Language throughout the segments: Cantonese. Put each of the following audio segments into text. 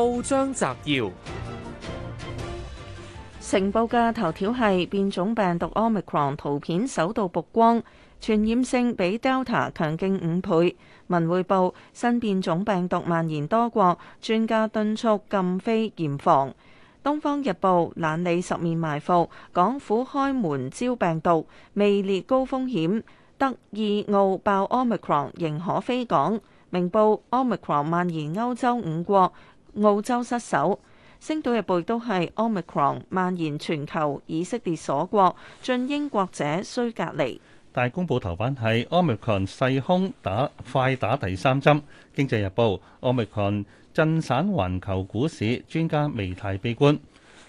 報章摘要：成報嘅頭條係變種病毒 Omicron 圖片首度曝光，傳染性比 Delta 強勁五倍。文匯報：新變種病毒蔓延多國，專家敦促禁飛嚴防。東方日報：懶理十面埋伏，港府開門招病毒，未列高風險。德意澳爆 Omicron 仍可飛港。明報：Omicron 蔓延歐洲五國。澳洲失守，星島日報都係奧密克戎蔓延全球，以色列鎖國，進英國者需隔離。大公報頭版係奧密克戎勢兇，打快打第三針。經濟日報，奧密克戎震散環球股市，專家未太悲觀。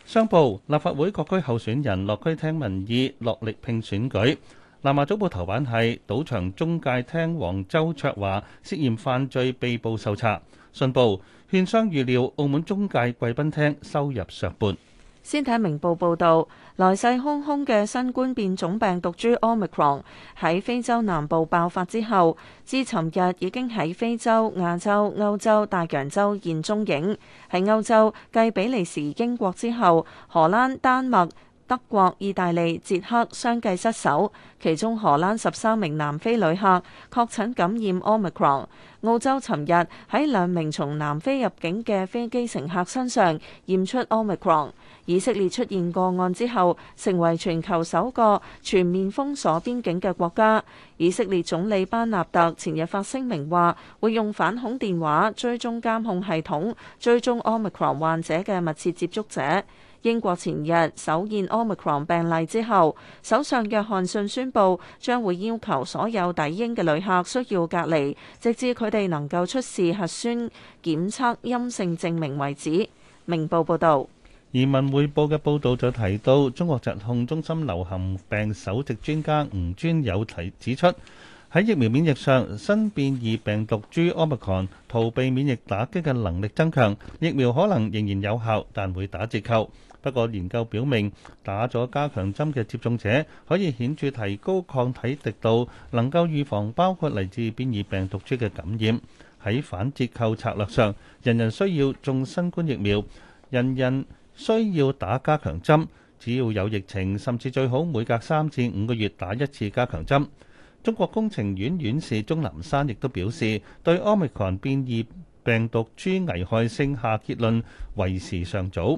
商報，立法會各區候選人落區聽民意，落力拼選舉。南華早報頭版係賭場中介廳王周卓華涉嫌犯罪被捕受查。信報券商預料，澳門中介貴賓廳收入上半。先睇明報報道，來勢洶洶嘅新冠變種病毒株 c r o n 喺非洲南部爆發之後，至尋日已經喺非洲、亞洲、歐洲、大洋洲見蹤影，喺歐洲繼比利時、英國之後，荷蘭、丹麥。德國、意大利、捷克相繼失守，其中荷蘭十三名南非旅客確診感染 Omicron。澳洲尋日喺兩名從南非入境嘅飛機乘客身上驗出 Omicron。以色列出現個案之後，成為全球首個全面封鎖邊境嘅國家。以色列總理班納特前日發聲明話，會用反恐電話追蹤監控系統，追蹤 Omicron 患者嘅密切接觸者。英國前日首現奧密克戎病例之後，首相約翰遜宣布將會要求所有抵英嘅旅客需要隔離，直至佢哋能夠出示核酸檢測陰性證明為止。明報報導，而《文匯報》嘅報導就提到，中國疾控中心流行病首席專家吳尊友提指出，喺疫苗免疫上，新變異病毒株奧密克戎逃避免疫打擊嘅能力增強，疫苗可能仍然有效，但會打折扣。不過，研究表明打咗加強針嘅接種者可以顯著提高抗體滴度，能夠預防包括嚟自變異病毒株嘅感染。喺反折扣策略上，人人需要種新冠疫苗，人人需要打加強針。只要有疫情，甚至最好每隔三至五個月打一次加強針。中國工程院院士鍾南山亦都表示，對奧密克戎變異病毒株危害性下結論為時尚早。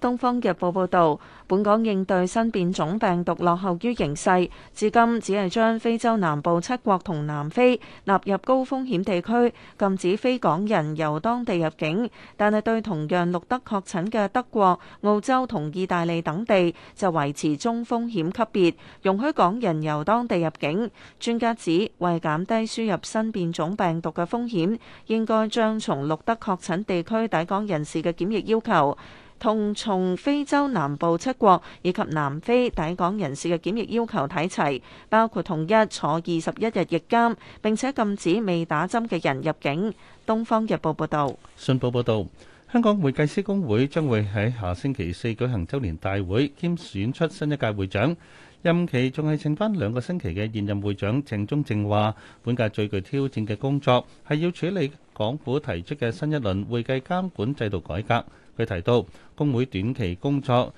《東方日報》報導，本港應對新變種病毒落後於形勢，至今只係將非洲南部七國同南非納入高風險地區，禁止非港人由當地入境。但係對同樣錄得確診嘅德國、澳洲同意大利等地就維持中風險級別，容許港人由當地入境。專家指，為減低輸入新變種病毒嘅風險，應該將從錄得確診地區抵港人士嘅檢疫要求，同從非洲南部七國以及南非抵港人士嘅檢疫要求睇齊，包括同一坐二十一日疫監，並且禁止未打針嘅人入境。《東方日報》報導。《信報》報導，香港會計師公會將會喺下星期四舉行周年大會，兼選出新一屆會長，任期仲係剩翻兩個星期嘅現任會長鄭中正話，本屆最具挑戰嘅工作係要處理港府提出嘅新一輪會計監管制度改革。佢提到，工會短期工作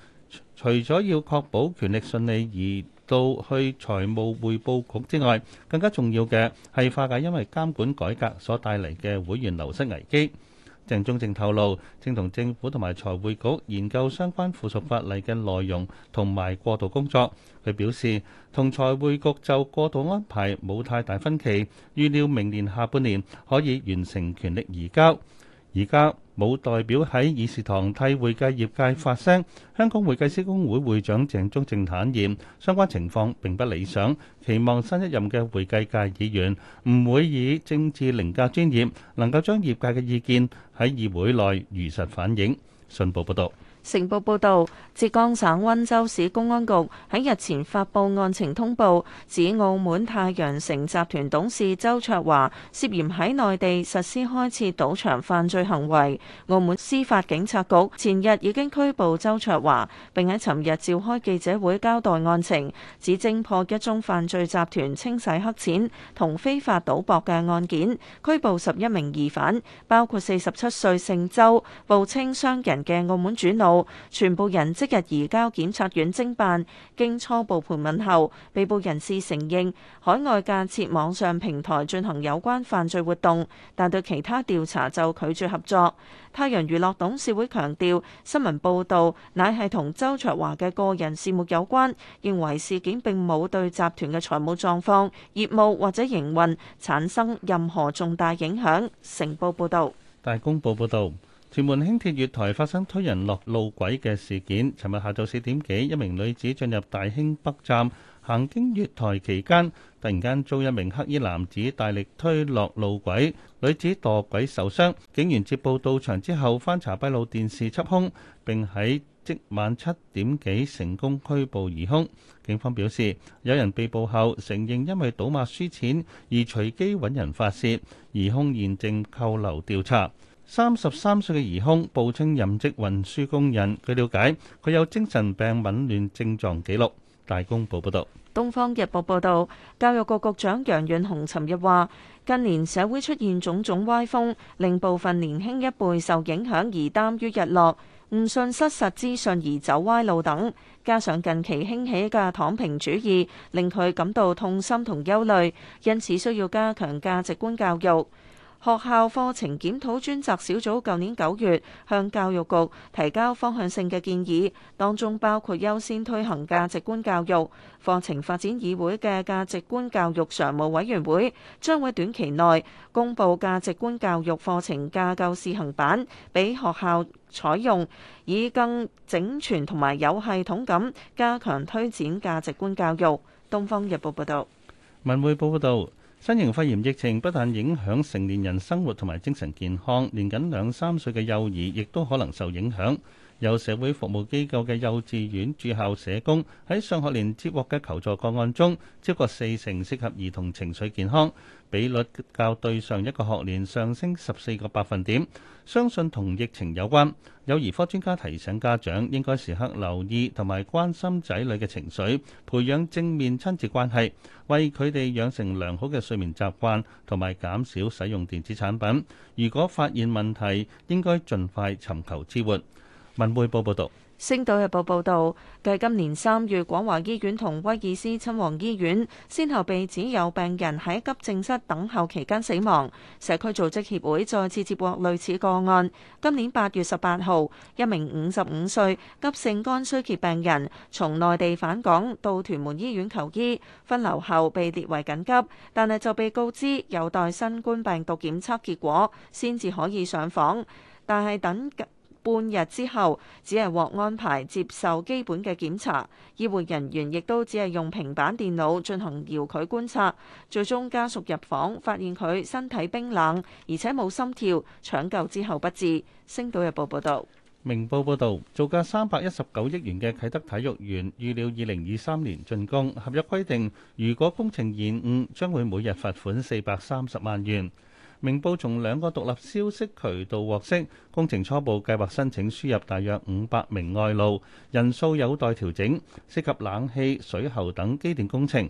除咗要確保權力順利移到去財務匯報局之外，更加重要嘅係化解因為監管改革所帶嚟嘅會員流失危機。鄭中正透露，正同政府同埋財會局研究相關附屬法例嘅內容同埋過渡工作。佢表示，同財會局就過渡安排冇太大分歧，預料明年下半年可以完成權力移交。移交。冇代表喺議事堂替會計業界發聲。香港會計師公會會長鄭中正坦言，相關情況並不理想，期望新一任嘅會計界議員唔會以政治凌駕專業，能夠將業界嘅意見喺議會內如實反映。信報報道。成報報導，浙江省溫州市公安局喺日前發布案情通報，指澳門太陽城集團董事周卓華涉嫌喺內地實施開設賭場犯罪行為。澳門司法警察局前日已經拘捕周卓華，並喺尋日召開記者會交代案情，指偵破一宗犯罪集團清洗黑錢同非法賭博嘅案件，拘捕十一名疑犯，包括四十七歲姓周、報稱商人嘅澳門主腦。全部人即日移交檢察院偵辦，經初步盤問後，被捕人士承認海外架設網上平台進行有關犯罪活動，但對其他調查就拒絕合作。太陽娛樂董事會強調，新聞報道乃係同周卓華嘅個人事務有關，認為事件並冇對集團嘅財務狀況、業務或者營運產生任何重大影響。成報報道，大公報報道。屯門輕鐵月台發生推人落路軌嘅事件。尋日下晝四點幾，一名女子進入大興北站，行經月台期間，突然間遭一名黑衣男子大力推落路軌，女子墮軌受傷。警員接報到場之後，翻查閉路電視，緝兇，並喺即晚七點幾成功拘捕疑兇。警方表示，有人被捕後承認因為賭馬輸錢而隨機揾人發洩，疑兇現正扣留調查。三十三歲嘅疑兇，報稱任職運輸工人。據了解，佢有精神病紊亂症狀記錄。大公報報道，東方日報報道，教育局局長楊潤雄尋日話：近年社會出現種種歪風，令部分年輕一輩受影響而耽於日落、唔信失實資訊而走歪路等，加上近期興起嘅躺平主義，令佢感到痛心同憂慮，因此需要加強價值觀教育。學校課程檢討專責小組舊年九月向教育局提交方向性嘅建議，當中包括優先推行價值觀教育。課程發展議會嘅價值觀教育常務委員會將會短期內公布價值觀教育課程架構試行版，俾學校採用，以更整全同埋有系統咁加強推展價值觀教育。《東方日報》報道。《文匯報》報道。新型肺炎疫情不但影響成年人生活同埋精神健康，年僅兩三歲嘅幼兒亦都可能受影響。有社會服務機構嘅幼稚園駐校社工喺上學年接獲嘅求助個案中，超過四成涉及兒童情緒健康，比率較對上一個學年上升十四個百分點。相信同疫情有關。有兒科專家提醒家長，應該時刻留意同埋關心仔女嘅情緒，培養正面親子關係，為佢哋養成良好嘅睡眠習慣，同埋減少使用電子產品。如果發現問題，應該盡快尋求支援。文匯報報道，星島日報報道，繼今年三月廣華醫院同威爾斯親王醫院先後被指有病人喺急症室等候期間死亡，社區組織協會再次接獲類似個案。今年八月十八號，一名五十五歲急性肝衰竭病人從內地返港到屯門醫院求醫，分流後被列為緊急，但係就被告知有待新冠病毒檢測結果先至可以上房，但係等。半日之後，只係獲安排接受基本嘅檢查，醫護人員亦都只係用平板電腦進行遙距觀察。最終家屬入房發現佢身體冰冷，而且冇心跳，搶救之後不治。星島日報報道。明報報道，造價三百一十九億元嘅啟德體育園預料二零二三年竣工，合約規定，如果工程延誤，將會每日罰款四百三十萬元。明報從兩個獨立消息渠道獲悉，工程初步計劃申請輸入大約五百名外勞，人數有待調整，涉及冷氣、水喉等機電工程。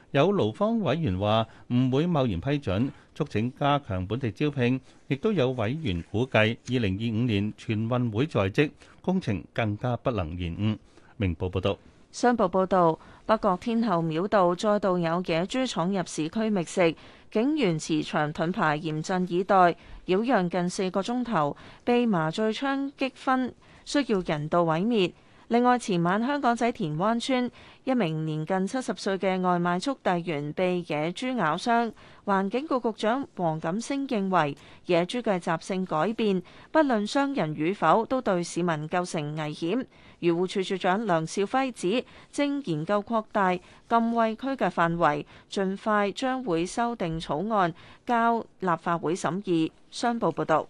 有勞方委員話唔會貿然批准，促請加強本地招聘。亦都有委員估計，二零二五年全運會在即，工程更加不能延誤。明報報道。商報報道，北角天后廟道再度有野豬闖入市區覓食，警員持長盾牌嚴陣以待，擾攘近四個鐘頭，被麻醉槍擊昏，需要人道毀滅。另外，前晚香港仔田灣邨一名年近七十歲嘅外賣速遞員被野豬咬傷，環境局局長黃錦星認為野豬嘅習性改變，不論傷人與否，都對市民構成危險。漁護署署長梁肇輝指，正研究擴大禁餵區嘅範圍，盡快將會修訂草案交立法會審議。商報報道。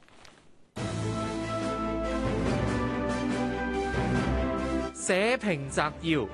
寫評摘要。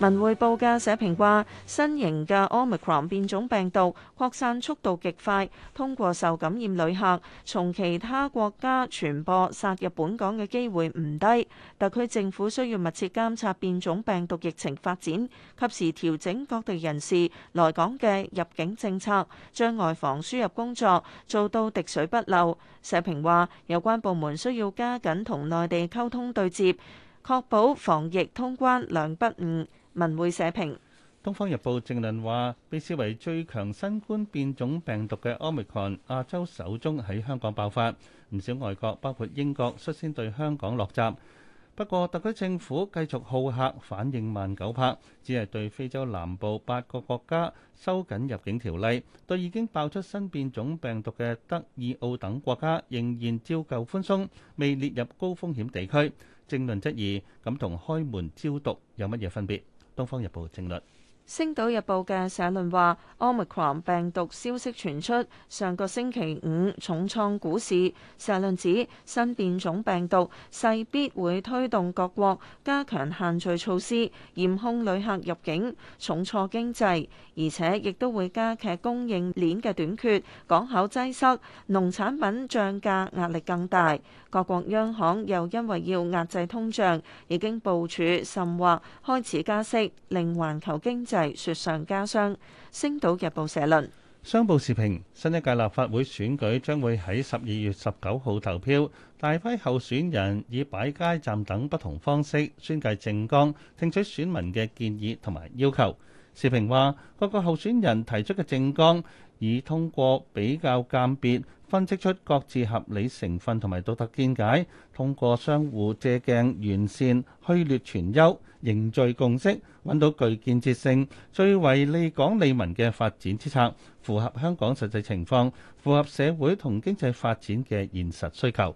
文匯報嘅社評話：新型嘅 Omicron 變種病毒擴散速度極快，通過受感染旅客從其他國家傳播殺入本港嘅機會唔低。特區政府需要密切監察變種病毒疫情發展，及時調整各地人士來港嘅入境政策，將外防輸入工作做到滴水不漏。社評話：有關部門需要加緊同內地溝通對接，確保防疫通關兩不誤。文匯社評，《東方日報》正論話，被視為最強新冠變種病毒嘅 Omicron 亞洲首宗喺香港爆發，唔少外國包括英國率先對香港落閘。不過，特區政府繼續好客，反應慢九拍，只係對非洲南部八個國家收緊入境條例，對已經爆出新變種病毒嘅德、意、奧等國家仍然照舊寬鬆，未列入高風險地區。正論質疑咁同開門招毒有乜嘢分別？《東方日報》政略。《星島日報》嘅社論話：Omicron 病毒消息傳出，上個星期五重創股市。社論指新變種病毒勢必會推動各國加強限聚措施，嚴控旅客入境，重挫經濟，而且亦都會加劇供應鏈嘅短缺、港口擠塞、農產品漲價壓力更大。各國央行又因為要壓制通脹，已經部署甚或開始加息，令環球經濟係雪上加霜。星島日報社論。商報視評：新一屆立法會選舉將會喺十二月十九號投票，大批候選人以擺街站等不同方式宣介政綱，聽取選民嘅建議同埋要求。視評話，各個候選人提出嘅政綱已通過比較鑑別。分析出各自合理成分同埋獨特見解，通過相互借鏡完善、去劣全優，凝聚共識，揾到具建設性、最為利港利民嘅發展之策，符合香港實際情況，符合社會同經濟發展嘅現實需求。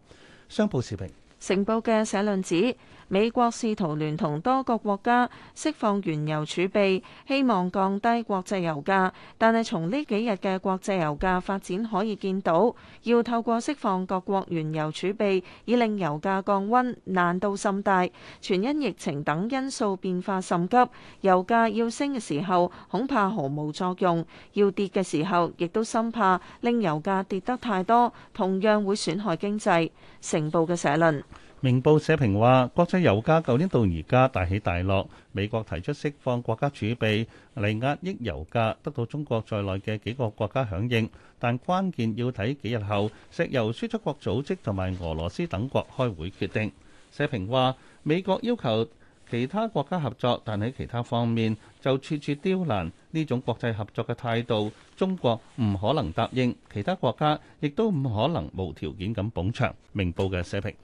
商報時評。成報嘅社論指，美國試圖聯同多個國家釋放原油儲備，希望降低國際油價。但係從呢幾日嘅國際油價發展可以見到，要透過釋放各國原油儲備以令油價降溫難度甚大。全因疫情等因素變化甚急，油價要升嘅時候恐怕毫無作用；要跌嘅時候，亦都深怕令油價跌得太多，同樣會損害經濟。成報嘅社論。明報社評話：國際油價舊年到而家大起大落，美國提出釋放國家儲備嚟壓抑油價，得到中國在內嘅幾個國家響應。但關鍵要睇幾日後石油輸出國組織同埋俄羅斯等國開會決定。社評話：美國要求其他國家合作，但喺其他方面就處處刁難。呢種國際合作嘅態度，中國唔可能答應，其他國家亦都唔可能無條件咁捧場。明報嘅社評。